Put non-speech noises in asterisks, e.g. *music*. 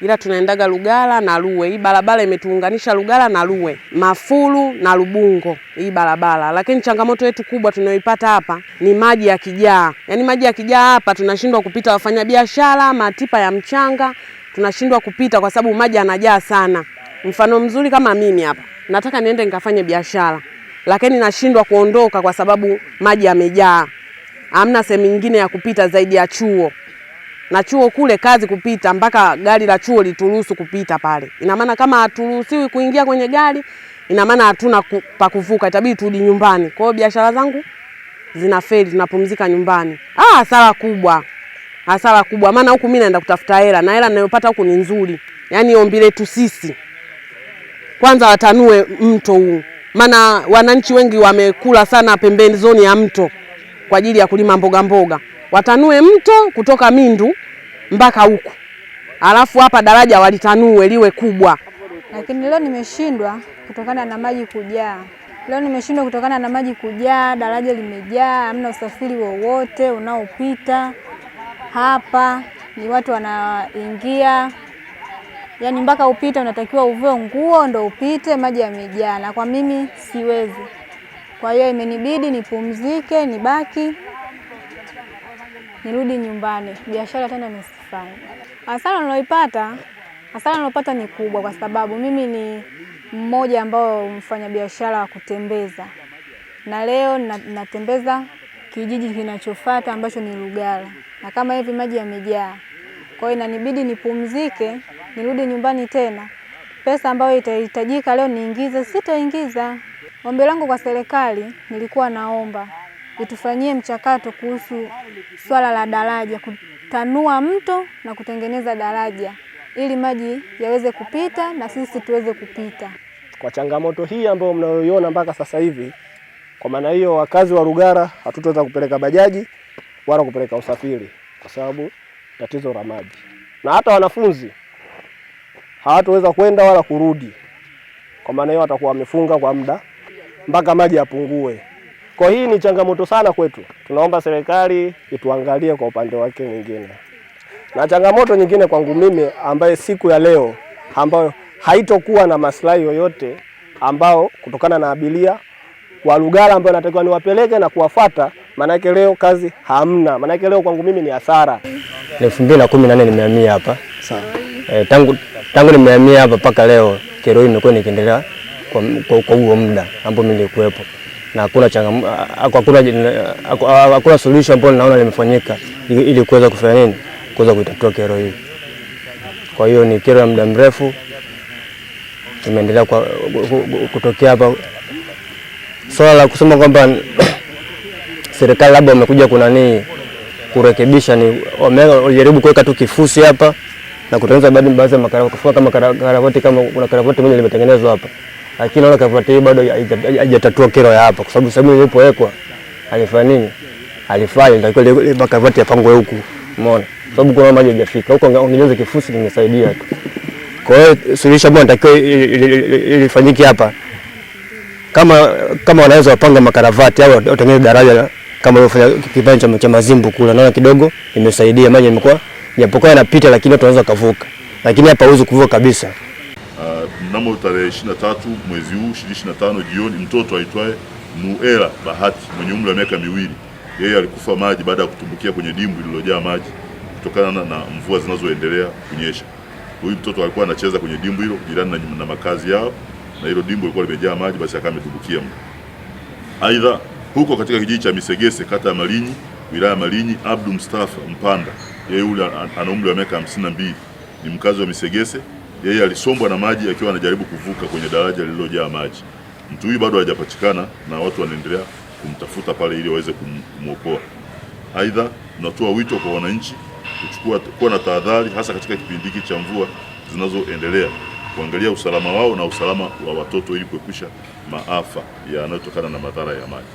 ila tunaendaga Lugala na Luwe. Hii barabara imetuunganisha Lugala na Luwe, Mafulu na Lubungo, hii barabara. Lakini changamoto yetu kubwa tunayoipata hapa ni maji ya kijaa, yaani maji ya kijaa hapa tunashindwa kupita, wafanyabiashara, matipa ya mchanga tunashindwa kupita kwa sababu maji yanajaa sana. Mfano mzuri kama mimi hapa, nataka niende nikafanye biashara, lakini nashindwa kuondoka kwa sababu maji yamejaa, hamna sehemu nyingine ya kupita zaidi ya chuo na chuo kule kazi kupita mpaka gari la chuo lituruhusu kupita pale. Ina maana kama haturuhusiwi kuingia kwenye gari, ina maana hatuna pa kuvuka, itabidi turudi nyumbani. Kwa hiyo biashara zangu zinafeli, tunapumzika nyumbani. Ah, hasara kubwa, hasara kubwa, maana huku mimi naenda kutafuta hela na hela ninayopata huku ni nzuri. Yaani ombi letu sisi kwanza watanue mto huu, maana wananchi wengi wamekula sana pembeni zoni ya mto kwa ajili ya kulima mboga mboga. Watanue mto kutoka Mindu mpaka huku, alafu hapa daraja walitanue liwe kubwa. Lakini leo nimeshindwa kutokana na maji kujaa. Leo nimeshindwa kutokana na maji kujaa, daraja limejaa, hamna usafiri wowote unaopita hapa, ni watu wanaingia yaani mpaka upite unatakiwa uvue nguo ndo upite, maji yamejaa, na kwa mimi siwezi. Kwa hiyo imenibidi nipumzike, nibaki, nirudi nyumbani, biashara tena nisifanye. Hasara niloipata, hasara nilopata ni kubwa, kwa sababu mimi ni mmoja ambao mfanya biashara wa kutembeza, na leo natembeza kijiji kinachofata ambacho ni Lugala, na kama hivi maji yamejaa. Kwa hiyo inanibidi nipumzike, nirudi nyumbani tena, pesa ambayo itahitajika leo niingize, sitaingiza Ombi langu kwa serikali, nilikuwa naomba itufanyie mchakato kuhusu swala la daraja, kutanua mto na kutengeneza daraja ili maji yaweze kupita na sisi tuweze kupita. Kwa changamoto hii ambayo mnayoiona mpaka sasa hivi, kwa maana hiyo, wakazi wa Rugara hatutaweza kupeleka bajaji wala kupeleka usafiri kwa sababu tatizo la maji, na hata wanafunzi hawatoweza kwenda wala kurudi, kwa maana hiyo watakuwa wamefunga kwa muda mpaka maji yapungue. Kwa hii ni changamoto sana kwetu, tunaomba serikali ituangalie kwa upande wake mwingine. Na changamoto nyingine kwangu mimi, ambaye siku ya leo ambayo haitokuwa na maslahi yoyote, ambao kutokana na abiria wa Lugala ambao natakiwa niwapeleke na kuwafata, maanake leo kazi hamna, maanake leo kwangu mimi ni hasara. elfu mbili na kumi na nane nimehamia hapa e, tangu, tangu nimehamia hapa mpaka leo kero hii imekuwa nikiendelea kwa kwa, huo muda ambao mimi nilikuwepo na hakuna changamoto, hakuna hakuna suluhisho ambayo naona limefanyika ili kuweza kufanya nini, kuweza kuitatua kero hii. Kwa hiyo ni kero ya muda mrefu imeendelea kwa kutokea hapa. Swala la kusema kwamba *clears throat* serikali labda wamekuja kuna nini kurekebisha, ni wamejaribu kuweka tu kifusi hapa na kutengeneza baadhi ya makaravati kama kuna karavati moja limetengenezwa hapa lakini naona CAVAT hii bado haijatatua kero ya hapa, kwa sababu sehemu ilipowekwa alifanya nini? Alifanya nitakiwa ile ya pango huku, umeona, Kwa sababu kuna maji hajafika huko, ongeza kifusi kingesaidia tu. Kwa hiyo suluhisho bwana, natakiwa ilifanyike hapa, kama kama wanaweza wapanga makaravati au watengeneze daraja kama walivyofanya kipande cha Mazimbu kule, naona kidogo imesaidia, maji yamekuwa japokuwa yanapita, lakini watu wanaweza kuvuka, lakini hapa huwezi kuvuka kabisa mnamo tarehe 23 mwezi huu 2025 jioni, mtoto aitwaye Nuera Bahati mwenye umri wa miaka miwili, yeye alikufa maji baada ya kutumbukia kwenye dimbwi lililojaa maji kutokana na na mvua zinazoendelea kunyesha. Huyu mtoto alikuwa anacheza kwenye dimbwi hilo jirani na, na makazi yao na hilo dimbwi lilikuwa limejaa maji, basi akawa ametumbukia mle. Aidha, huko katika kijiji cha Misegese kata ya Malinyi wilaya ya Malinyi, Abdu Mustafa Mpanda yeye yule ana umri wa miaka 52 ni mkazi wa Misegese yeye alisombwa na maji akiwa anajaribu kuvuka kwenye daraja lililojaa maji. Mtu huyu bado hajapatikana na watu wanaendelea kumtafuta pale ili waweze kumwokoa. Aidha, tunatoa wito kwa wananchi kuchukua kuwa na tahadhari, hasa katika kipindi hiki cha mvua zinazoendelea, kuangalia usalama wao na usalama wa watoto ili kuepusha maafa yanayotokana na madhara ya maji.